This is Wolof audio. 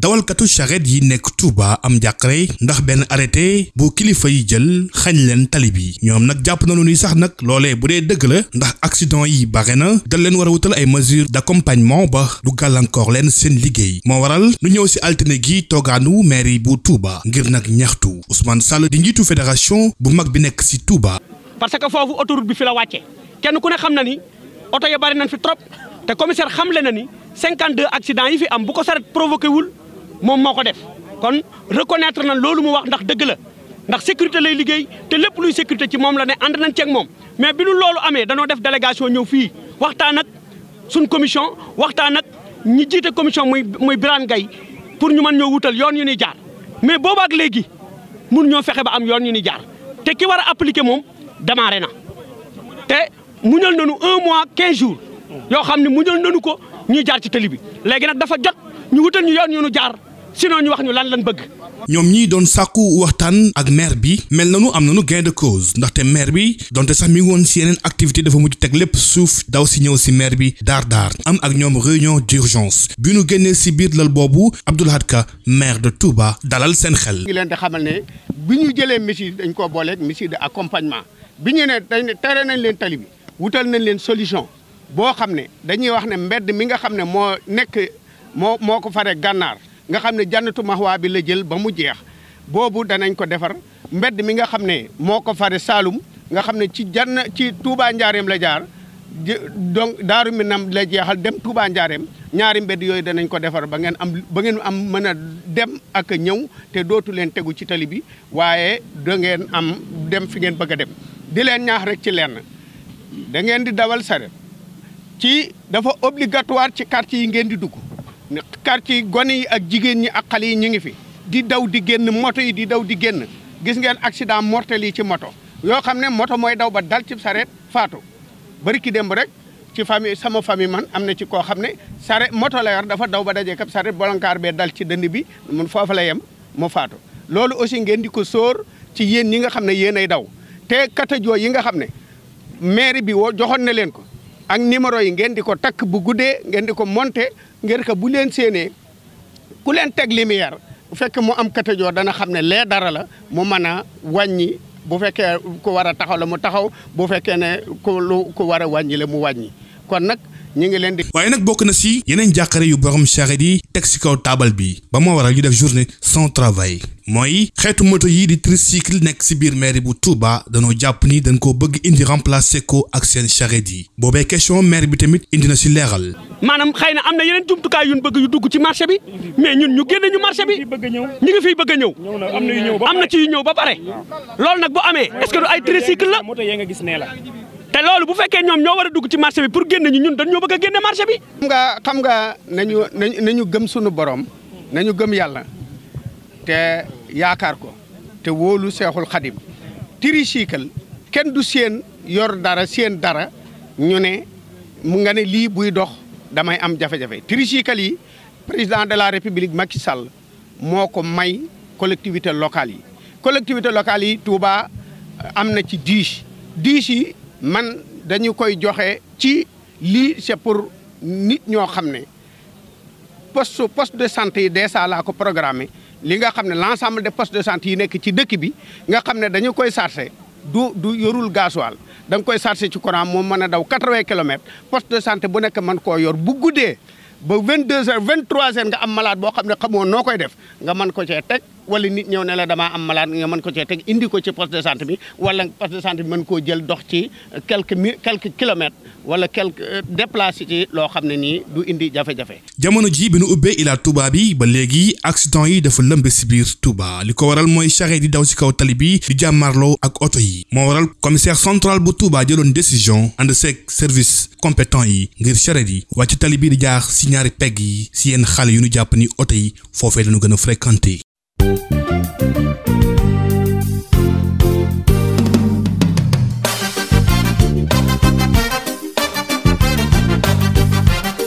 dawalkatu charrette yi nekk Touba am njàqare ndax benn arrêté bu kilifa yi jël xañ leen tali bi ñoom nag jàpp na nañu ni sax nag loolee bu dee dëgg la ndax accident yi bare na dal leen war a wutal ay mesures d'accompagnement ba du gàllankoor leen seen liggéey moo waral nu ñëw si altine gi toogaanu mairie bu Touba ngir nag ñaxtu Ousmane Sall di njiitu fédération bu mag bi nekk si Touba. parce que foofu autoroute bi fi la wàcce kenn ku ne xam na ni oto ya bari nañ fi trop te commissaire xamle na ni yi fi am bu ko wul. moom moo ko def kon reconnaître nañ loolu mu wax ndax dëgg la ndax sécurité lay liggéey te lépp luy sécurité ci moom la ne ànd nañ ceeg moom mais bi lu loolu amee danoo def délégation ñëw fii waxtaan ak suñ commission waxtaan ak ñi jiite commission muy muy Birane Gaye pour ñu mën ñoo wutal yoon yu ñuy jaar mais boobaak léegi mun ñoo fexe ba am yoon yu ni jaar te kii war a appliquer moom démarré na te muñal nañu un mois quinze jours yoo xam ne muñal nañu ko ñu jaar ci tëli bi léegi nag dafa jot ñu wutal ñu yoon yu ñu jaar sinon ñu wax ñu lan lañ bëgg. ñoom ñii doon sàkku waxtaan ak maire bi mel na nu am na nu gain de cause ndaxte maire bi donte sax mi woon si yeneen activité dafa mujj teg lépp suuf daw si ñëw si maire bi daar daar am ak ñoom réunion d'urgence bi nu génnee si biir lal boobu Abdou Lahad Ka maire de Touba dalal seen xel. ngi leen di xamal ne bi ñu jëlee mesure dañ koo booleeg mesure de accompagnement bi ñu ne dañ tere nañ leen tali bi wutal nañ leen solution boo xam ne dañuy wax ne mbedd mi nga xam ne moo nekk moo moo ko fare gànnaar. nga xam ne jannatu maxwaa bi la jël ba mu jeex boobu danañ ko defar mbedd mi nga xam ne moo ko fare Saalum nga xam ne ci jann ci Touba Njaareem la jaar donc Daaru Minam la jeexal dem Touba Njaareem ñaari mbedd yooyu danañ ko defar ba ngeen am ba ngeen am mën a dem ak ñëw te dootu leen tegu ci tali bi waaye da am dem fi ngeen bëgg a dem di leen ñaax rek ci lenn da ngeen di dawal sare ci dafa obligatoire ci quartier yi ngeen di dugg quartier gone yi ak jigéen ñi ak xale yi ñu ngi fi di daw di génn moto yi di daw di génn gis ngeen accident mortel yi ci moto yoo xam ne moto mooy daw ba dal ci sareet faatu bari ki démb rek ci famille sama famille man am na ci koo xam ne sareet moto la yor dafa daw ba dajee kap sareet bolonkaar bee dal ci dënd bi mun foofu la yem mu faatu loolu aussi ngeen di ko sóor ci yéen ñi nga xam ne yéen ay daw te kata joo yi nga xam ne mairie bi woo joxoon na leen ko ak numéro yi ngeen di ko takk bu guddee ngeen di ko monter ngeen ko bu leen séenee ku leen teg lumière bu fekkee mu am katajoo dana xam ne lee dara la mu mën a wàññi bu fekkee ku war a taxaw la mu taxaw bu fekkee ne ku lu ku war a wàññi la mu wàññi kon nag ñu ngi leen di. waaye nag bokk na si yeneen jàqare yu borom charrette yi teg si kaw taabal bi ba moo waral ñu def journée sans travail mooy xeetu moto yi di tricycle nekk si biir mairie bu Touba danoo jàpp ni dañ koo bëgg indi remplacer ko ak seen charrette yi boobee question maire bi tamit indi na si leexal maanaam xëy na am na yeneen jumtukaay yu ñu bëgg yu dugg ci marché bi mais ñun ñu génne ñu marché bi ñu ngi fiy bëgg a ñëw. am na ci yu ñëw ba pare loolu nag bu amee est-ce que du la. te loolu bu fekkee ñoom ñoo war a dugg ci marché bi pour génne ñu ñun dañoo bëgg a génne marché bi. xam nga xam nga nañu nañu gëm sunu borom nañu gëm yàlla te yaakaar ko te wóolu seexul xadim tricycle kenn du seen yor dara seen dara ñu ne mu nga ne lii buy dox damay am jafe-jafe tricycle yi président de la république Macky Sall moo ko may collectivité locale yi collectivité locale yi Touba am na ci dix dix man dañu koy joxe ci lii c'est pour nit ñoo xam ne poste poste de santé yi dèjà laa ko programmé li nga xam ne l'ensemble des postes de santé yi nekk ci dëkk bi nga xam ne dañu koy chargé du du yorul gasoil da nga koy chargé ci courant moom mën a daw 80 kilomètres poste de santé bu nekk mën koo yor bu guddee ba 22 heures 23 heures nga am malaat boo xam ne xamoo noo koy def nga mën ko cee teg wala nit ñëw ne la damaa am malade nga mën ko cee teg indi ko ci poste de santé bi wala poste de santé bi mën koo jël dox ci quelques mi quelques kilomètres wala quelques euh, déplacé ci loo xam ne nii du indi jafe-jafe. jamono ji bi nu ubbee Ila Touba bi ba léegi accident yi dafa lëmbe si biir Touba li ko waral mooy charrette di daw si kaw tali bi di jàmmarloo ak oto yi moo waral commissaire central bu Touba jëloon décision ànd seeg service compétent yi ngir charrette yi wàcc tali bi di jaar si ñaari pegg yi si yenn xale yu nu jàpp ni oto yi foofee dañu gën a fréquenté. Thank you.